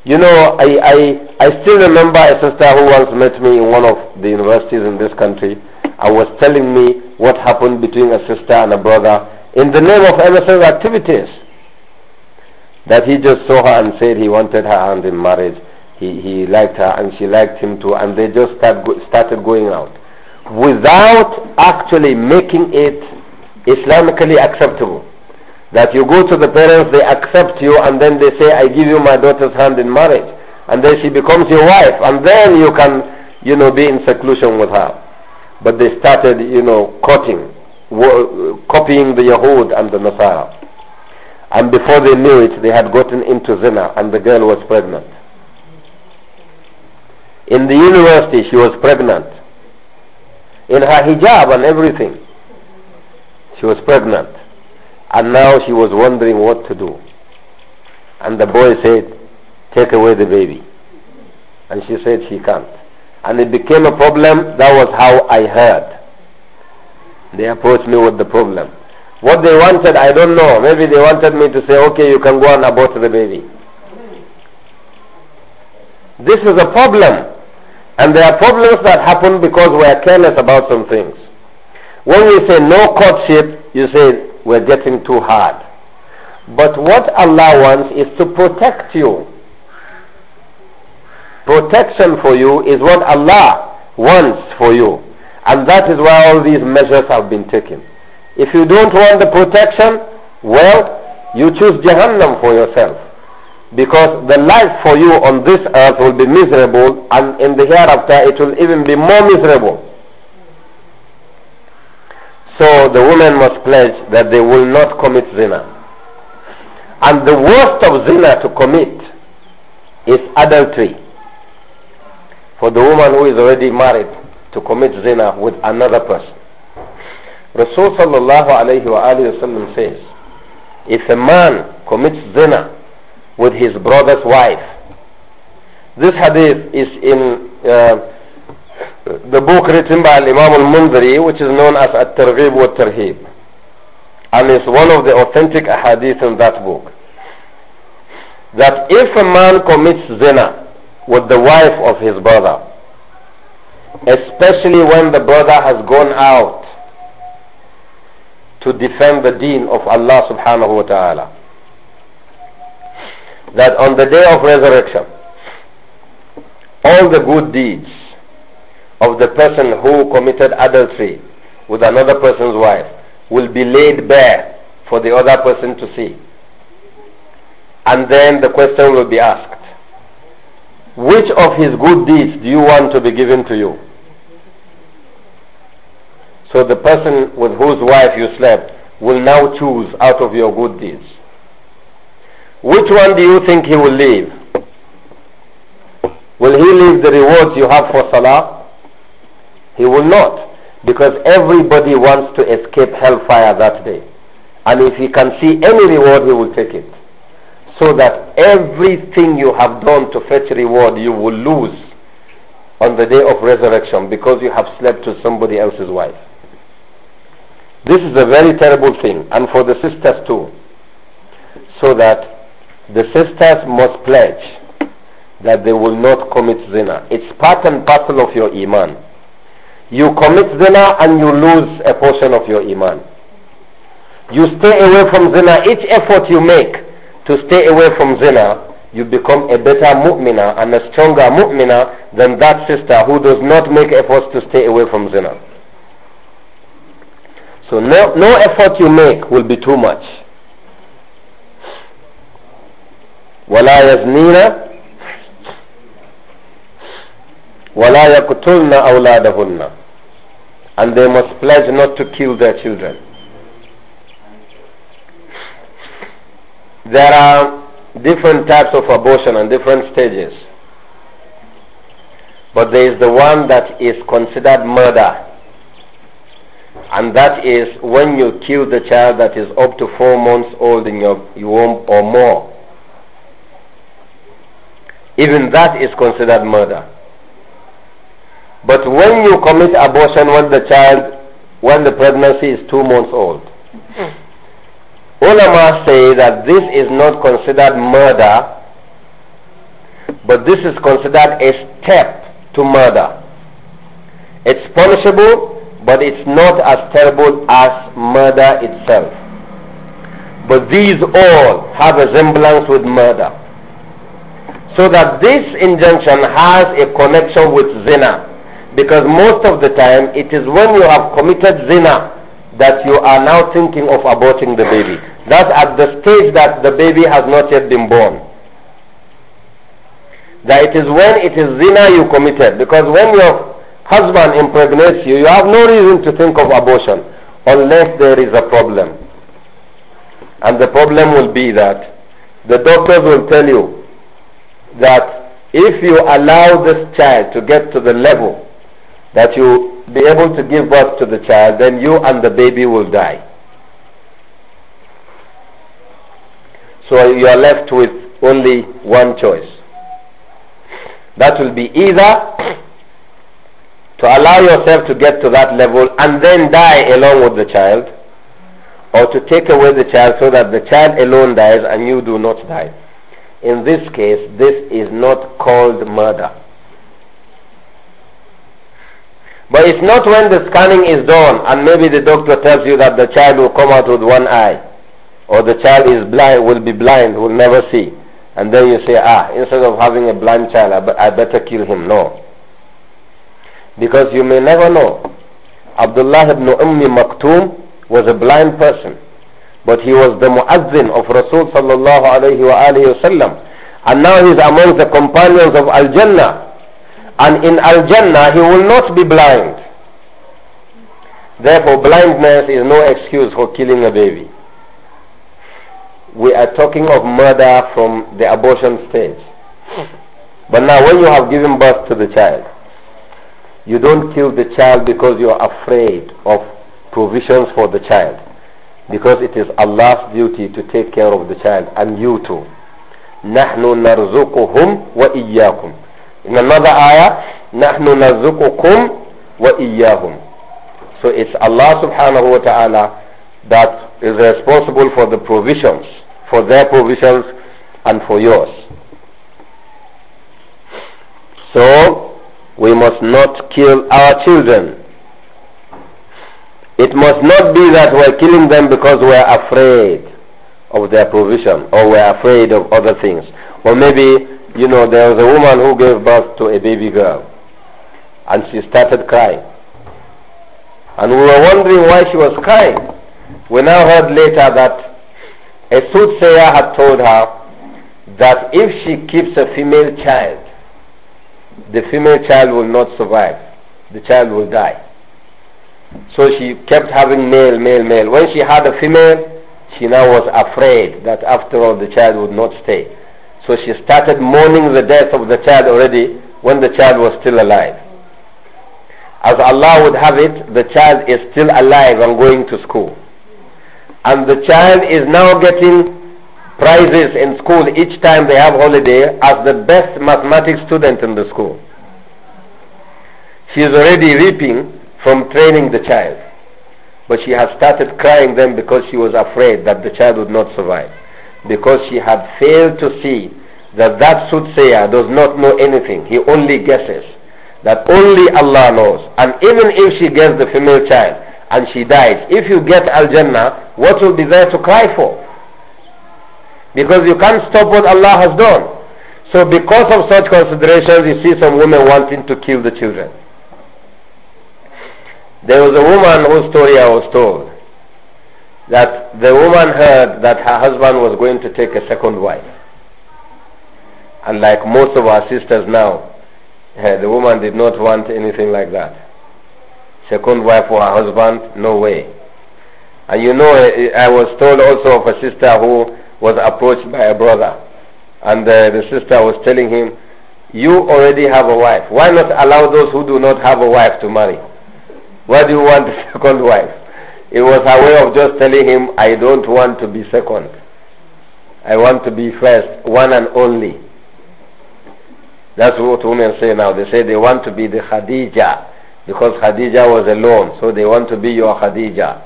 You know, I, I, I still remember a sister who once met me in one of the universities in this country and was telling me what happened between a sister and a brother in the name of MSF activities. That he just saw her and said he wanted her hand in marriage. He, he liked her and she liked him too and they just start go, started going out. Without actually making it Islamically acceptable. That you go to the parents, they accept you and then they say, I give you my daughter's hand in marriage. And then she becomes your wife and then you can, you know, be in seclusion with her but they started, you know, courting, copying the Yahud and the Nasara. And before they knew it, they had gotten into zina, and the girl was pregnant. In the university, she was pregnant. In her hijab and everything, she was pregnant. And now she was wondering what to do. And the boy said, Take away the baby. And she said, She can't and it became a problem. That was how I heard. They approached me with the problem. What they wanted, I don't know. Maybe they wanted me to say, okay, you can go and abort the baby. This is a problem. And there are problems that happen because we are careless about some things. When we say no courtship, you say we're getting too hard. But what Allah wants is to protect you protection for you is what Allah wants for you. And that is why all these measures have been taken. If you don't want the protection, well, you choose Jahannam for yourself. Because the life for you on this earth will be miserable and in the hereafter it will even be more miserable. So the women must pledge that they will not commit zina. And the worst of zina to commit is adultery for the woman who is already married to commit zina with another person. Rasul sallallahu alayhi wa says, if a man commits zina with his brother's wife, this hadith is in uh, the book written by Imam al-Mundari which is known as At-Targhib wa Tarhib and is one of the authentic hadith in that book that if a man commits zina with the wife of his brother, especially when the brother has gone out to defend the deen of Allah subhanahu wa ta'ala. That on the day of resurrection, all the good deeds of the person who committed adultery with another person's wife will be laid bare for the other person to see. And then the question will be asked, which of his good deeds do you want to be given to you? So the person with whose wife you slept will now choose out of your good deeds. Which one do you think he will leave? Will he leave the rewards you have for Salah? He will not, because everybody wants to escape hellfire that day. And if he can see any reward, he will take it so that everything you have done to fetch reward you will lose on the day of resurrection because you have slept with somebody else's wife. This is a very terrible thing and for the sisters too. So that the sisters must pledge that they will not commit zina. It's part and parcel of your iman. You commit zina and you lose a portion of your iman. You stay away from zina. Each effort you make to stay away from zina, you become a better mu'mina and a stronger mu'mina than that sister who does not make efforts to stay away from zina. So no, no effort you make will be too much. ولا يزنين ولا يقتلن أولادهن and they must pledge not to kill their children There are different types of abortion and different stages. But there is the one that is considered murder. And that is when you kill the child that is up to four months old in your womb or more. Even that is considered murder. But when you commit abortion when the child, when the pregnancy is two months old, Ulama say that this is not considered murder, but this is considered a step to murder. It's punishable, but it's not as terrible as murder itself. But these all have a resemblance with murder. So that this injunction has a connection with zina. Because most of the time, it is when you have committed zina that you are now thinking of aborting the baby. That's at the stage that the baby has not yet been born. That it is when it is zina you committed. Because when your husband impregnates you, you have no reason to think of abortion unless there is a problem. And the problem will be that the doctors will tell you that if you allow this child to get to the level that you be able to give birth to the child, then you and the baby will die. So you are left with only one choice. That will be either to allow yourself to get to that level and then die along with the child, or to take away the child so that the child alone dies and you do not die. In this case, this is not called murder. But it's not when the scanning is done and maybe the doctor tells you that the child will come out with one eye or the child is blind, will be blind, will never see. And then you say, ah, instead of having a blind child, I, be I better kill him. No. Because you may never know. Abdullah ibn Ummi Maktoum was a blind person. But he was the muazzin of Rasul sallallahu alayhi wa And now he's among the companions of Al-Jannah and in Al-Jannah he will not be blind. Therefore blindness is no excuse for killing a baby. We are talking of murder from the abortion stage. But now when you have given birth to the child, you don't kill the child because you are afraid of provisions for the child. Because it is Allah's duty to take care of the child and you too. نحن نرزقهم وإياكم in another ayah, نَحْنُ نَزُقُكُمْ وَإِيَّاهُمْ So it's Allah subhanahu wa ta'ala that is responsible for the provisions, for their provisions and for yours. So, we must not kill our children. It must not be that we're killing them because we're afraid of their provision or we're afraid of other things. Or maybe you know, there was a woman who gave birth to a baby girl and she started crying. And we were wondering why she was crying. We now heard later that a soothsayer had told her that if she keeps a female child, the female child will not survive. The child will die. So she kept having male, male, male. When she had a female, she now was afraid that after all the child would not stay. So she started mourning the death of the child already when the child was still alive. As Allah would have it, the child is still alive and going to school. And the child is now getting prizes in school each time they have holiday as the best mathematics student in the school. She is already reaping from training the child. But she has started crying then because she was afraid that the child would not survive because she had failed to see that that soothsayer does not know anything. He only guesses. That only Allah knows. And even if she gets the female child and she dies, if you get Al-Jannah, what will be there to cry for? Because you can't stop what Allah has done. So because of such considerations, you see some women wanting to kill the children. There was a woman whose story I was told that the woman heard that her husband was going to take a second wife. And like most of our sisters now, eh, the woman did not want anything like that. Second wife for her husband, no way. And you know, eh, eh, I was told also of a sister who was approached by a brother. And the sister was telling him, You already have a wife. Why not allow those who do not have a wife to marry? Why do you want a second wife? It was a way of just telling him, I don't want to be second. I want to be first, one and only. That's what women say now. They say they want to be the Khadija because Khadija was alone, so they want to be your Khadija.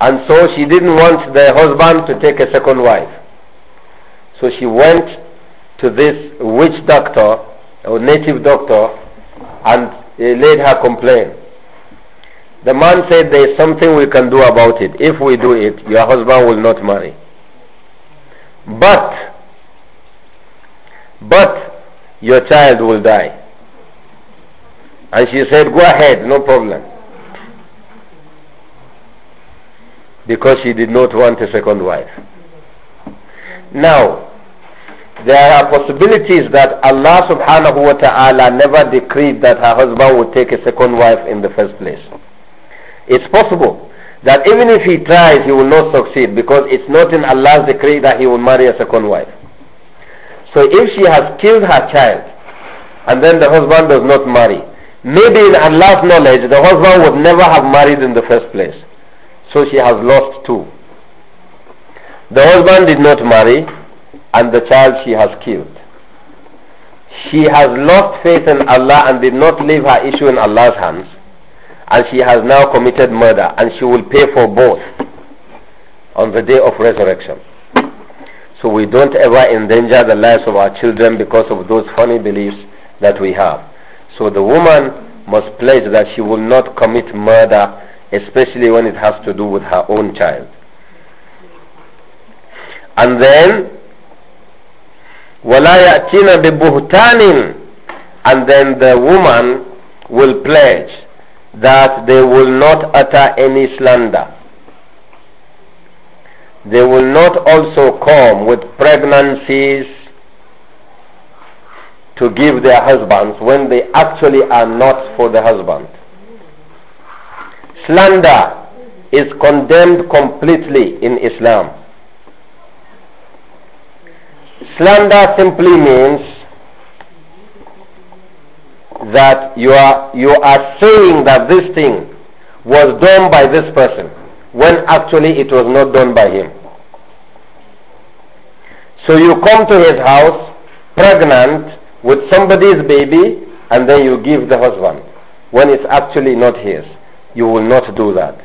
And so she didn't want the husband to take a second wife. So she went to this witch doctor, or native doctor, and laid her complaint. The man said there is something we can do about it. If we do it, your husband will not marry. But, but your child will die. And she said, go ahead, no problem. Because she did not want a second wife. Now, there are possibilities that Allah subhanahu wa ta'ala never decreed that her husband would take a second wife in the first place. It's possible that even if he tries, he will not succeed because it's not in Allah's decree that he will marry a second wife. So if she has killed her child and then the husband does not marry, maybe in Allah's knowledge the husband would never have married in the first place. So she has lost two. The husband did not marry and the child she has killed. She has lost faith in Allah and did not leave her issue in Allah's hands and she has now committed murder and she will pay for both on the day of resurrection. So we don't ever endanger the lives of our children because of those funny beliefs that we have. So the woman must pledge that she will not commit murder, especially when it has to do with her own child. And then, وَلَا يَأْتِينَ And then the woman will pledge that they will not utter any slander. They will not also come with pregnancies to give their husbands when they actually are not for the husband. Slander is condemned completely in Islam. Slander simply means that you are, you are saying that this thing was done by this person when actually it was not done by him. So you come to his house pregnant with somebody's baby and then you give the husband when it's actually not his. You will not do that.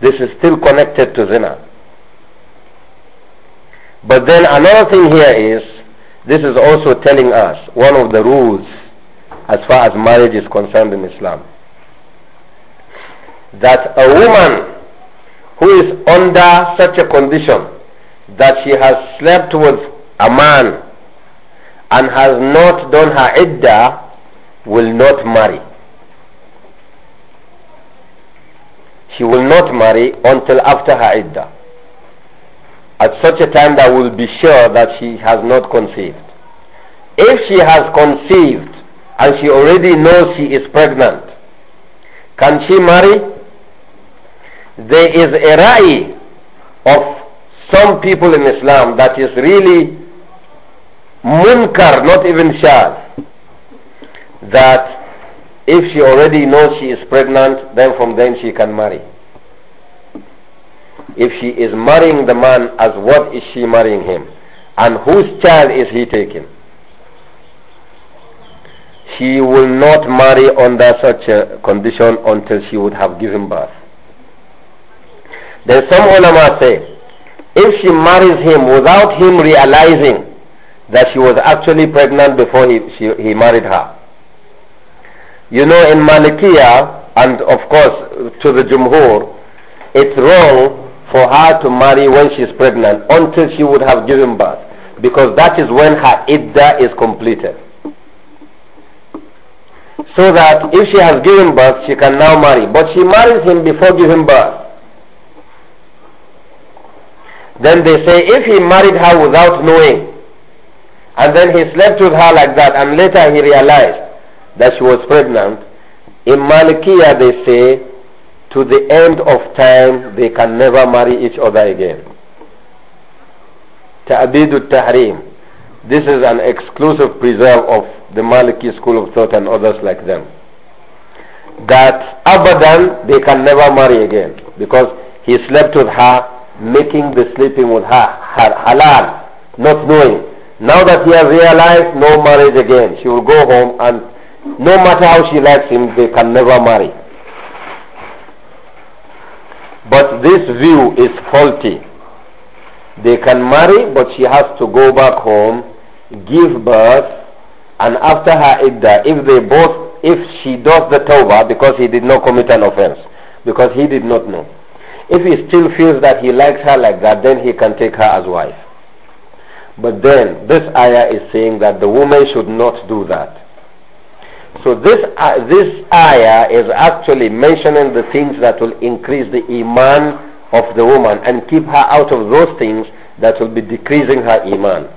This is still connected to zina. But then another thing here is this is also telling us one of the rules as far as marriage is concerned in Islam. That a woman who is under such a condition that she has slept with a man and has not done her iddah will not marry. She will not marry until after her iddah. At such a time that will be sure that she has not conceived. If she has conceived and she already knows she is pregnant. Can she marry? There is a ra'i of some people in Islam that is really munkar, not even shah, That if she already knows she is pregnant, then from then she can marry. If she is marrying the man, as what is she marrying him? And whose child is he taking? she will not marry under such a condition until she would have given birth. Then some ulama say, if she marries him without him realizing that she was actually pregnant before he, she, he married her. You know, in Malikiya, and of course to the Jumhur, it's wrong for her to marry when she's pregnant until she would have given birth because that is when her idda is completed so that if she has given birth, she can now marry. But she marries him before giving birth. Then they say, if he married her without knowing, and then he slept with her like that, and later he realized that she was pregnant, in Malikiya they say, to the end of time, they can never marry each other again. Ta'bid tahrim This is an exclusive preserve of the Maliki school of thought and others like them. That Abadan, they can never marry again because he slept with her, making the sleeping with her, her halal, not knowing. Now that he has realized no marriage again, she will go home and no matter how she likes him, they can never marry. But this view is faulty. They can marry, but she has to go back home, give birth, and after her idda, if they both, if she does the tawbah because he did not commit an offense, because he did not know. If he still feels that he likes her like that, then he can take her as wife. But then, this ayah is saying that the woman should not do that. So this, uh, this ayah is actually mentioning the things that will increase the iman of the woman and keep her out of those things that will be decreasing her iman.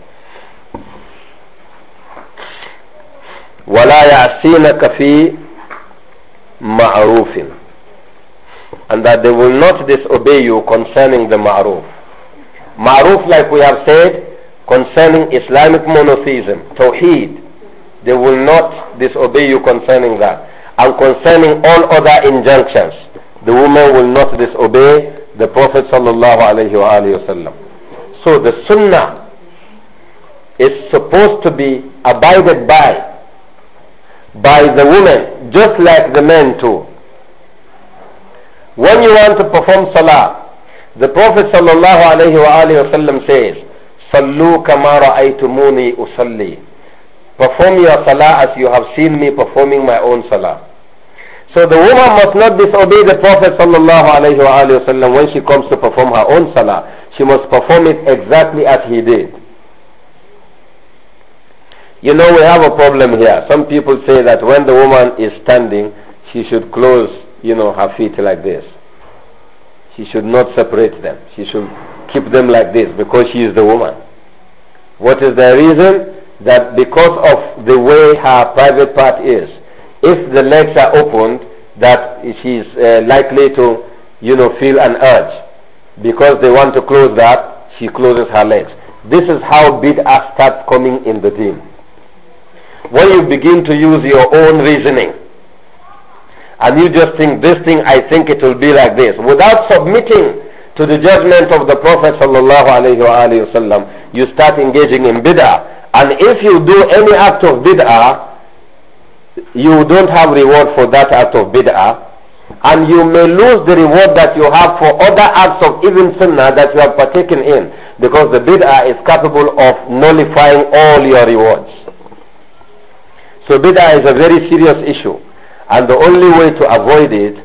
وَلَا يَعْصِينَكَ فِي مَعْرُوفٍ And that they will not disobey you concerning the ma'ruf. Ma'ruf, like we have said, concerning Islamic monotheism, Tawheed. They will not disobey you concerning that. And concerning all other injunctions, the woman will not disobey the Prophet sallallahu alayhi wa So the sunnah is supposed to be abided by by the women, just like the men too. When you want to perform salah, the Prophet sallallahu alaihi wa says, Sallu kama ra'aytumuni usalli. Perform your salah as you have seen me performing my own salah. So the woman must not disobey the Prophet sallallahu alaihi wa when she comes to perform her own salah. She must perform it exactly as he did. You know, we have a problem here. Some people say that when the woman is standing, she should close, you know, her feet like this. She should not separate them. She should keep them like this because she is the woman. What is the reason? That because of the way her private part is, if the legs are opened, that she is uh, likely to, you know, feel an urge. Because they want to close that, she closes her legs. This is how bid'ah starts coming in the deen when you begin to use your own reasoning and you just think this thing I think it will be like this without submitting to the judgment of the Prophet sallallahu you start engaging in bid'ah and if you do any act of bid'ah you don't have reward for that act of bid'ah and you may lose the reward that you have for other acts of even sunnah that you have partaken in because the bid'ah is capable of nullifying all your rewards so bid'ah is a very serious issue. And the only way to avoid it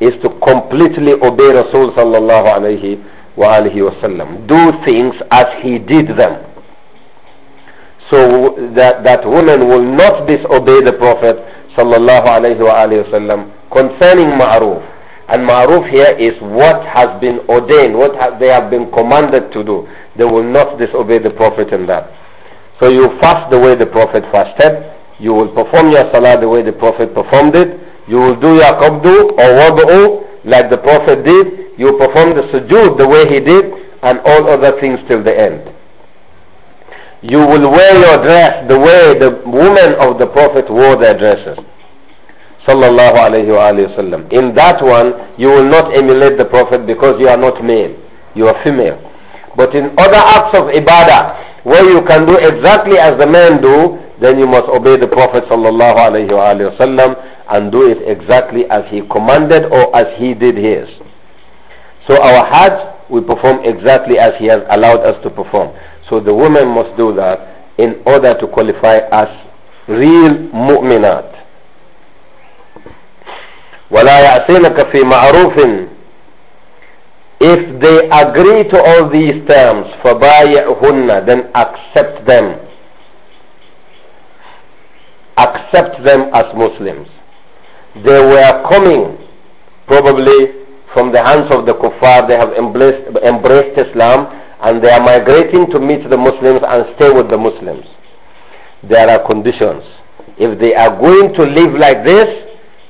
is to completely obey Rasul sallallahu alayhi wa alihi wasallam. Do things as he did them. So that, that woman will not disobey the Prophet sallallahu alayhi wa concerning ma'ruf. And ma'ruf here is what has been ordained, what ha they have been commanded to do. They will not disobey the Prophet in that. So you fast the way the Prophet fasted, you will perform your salah the way the Prophet performed it. You will do your qabdu or wad'u like the Prophet did. You perform the sujood the way he did and all other things till the end. You will wear your dress the way the women of the Prophet wore their dresses. Sallallahu alayhi wa In that one, you will not emulate the Prophet because you are not male. You are female. But in other acts of ibadah, where you can do exactly as the men do, then you must obey the Prophet sallallahu and do it exactly as he commanded or as he did his. So our Hajj, we perform exactly as he has allowed us to perform. So the women must do that in order to qualify as real mu'minat. ولا يعصينك في معروف if they agree to all these terms فبايعهن then accept them accept them as Muslims. They were coming probably from the hands of the kuffar. They have embraced, embraced Islam and they are migrating to meet the Muslims and stay with the Muslims. There are conditions. If they are going to live like this,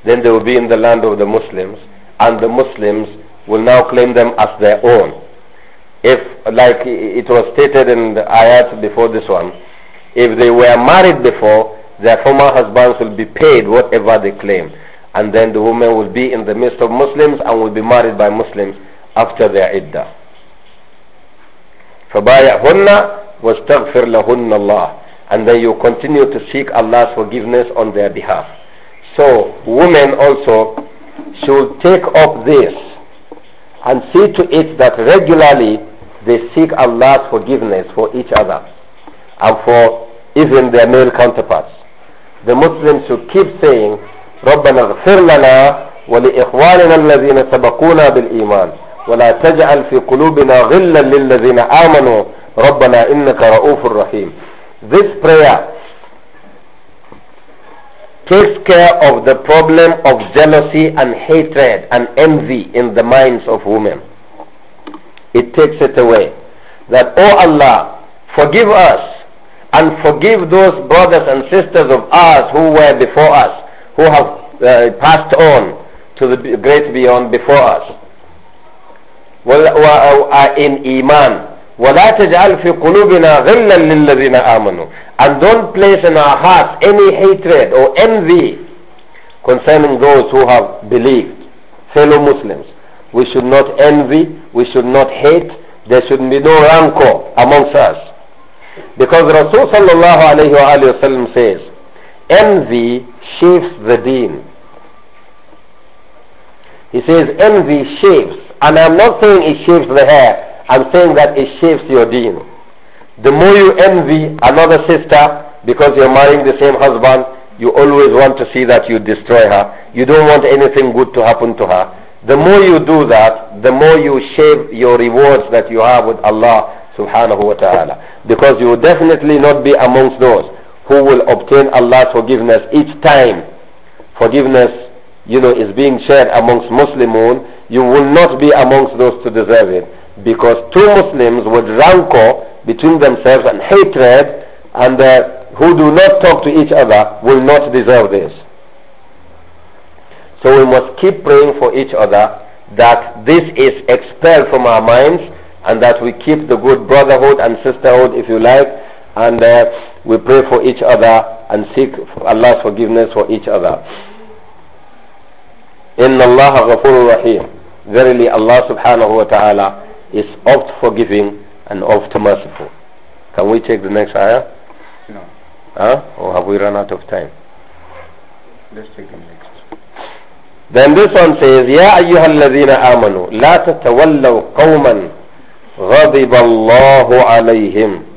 then they will be in the land of the Muslims and the Muslims will now claim them as their own. If, like it was stated in the ayat before this one, if they were married before, their former husbands will be paid whatever they claim. And then the woman will be in the midst of Muslims and will be married by Muslims after their iddah. فَبَايَعْهُنَّ وَاسْتَغْفِرْ لَهُنَّ اللَّهِ And then you continue to seek Allah's forgiveness on their behalf. So women also should take up this and see to it that regularly they seek Allah's forgiveness for each other and for even their male counterparts. the Muslims who keep saying ربنا اغفر لنا ولإخواننا الذين سبقونا بالإيمان ولا تجعل في قلوبنا غلا للذين آمنوا ربنا إنك رؤوف رحيم This prayer takes care of the problem of jealousy and hatred and envy in the minds of women. It takes it away. That, oh Allah, forgive us and forgive those brothers and sisters of ours who were before us, who have uh, passed on to the great beyond before us. in iman. and don't place in our hearts any hatred or envy concerning those who have believed fellow Muslims we should not envy we should not hate there should be no rancor amongst us because Rasulullah sallallahu alayhi wa sallam says, envy shapes the deen. He says envy shapes, and I'm not saying it shapes the hair, I'm saying that it shapes your deen. The more you envy another sister because you're marrying the same husband, you always want to see that you destroy her. You don't want anything good to happen to her. The more you do that, the more you shape your rewards that you have with Allah subhanahu wa ta'ala. Because you will definitely not be amongst those who will obtain Allah's forgiveness each time forgiveness, you know, is being shared amongst Muslimun. You will not be amongst those to deserve it. Because two Muslims would rancor between themselves and hatred and uh, who do not talk to each other will not deserve this. So we must keep praying for each other that this is expelled from our minds and that we keep the good brotherhood and sisterhood if you like and uh, we pray for each other and seek Allah's forgiveness for each other. Inna Allah ghafurur rahim. Verily Allah subhanahu wa ta'ala is oft forgiving and oft merciful. Can we take the next ayah? No. Huh? Or have we run out of time? Let's take the next. Then this one says, Ya ayyuha alladhina amanu, la tatawallaw qawman غضب الله عليهم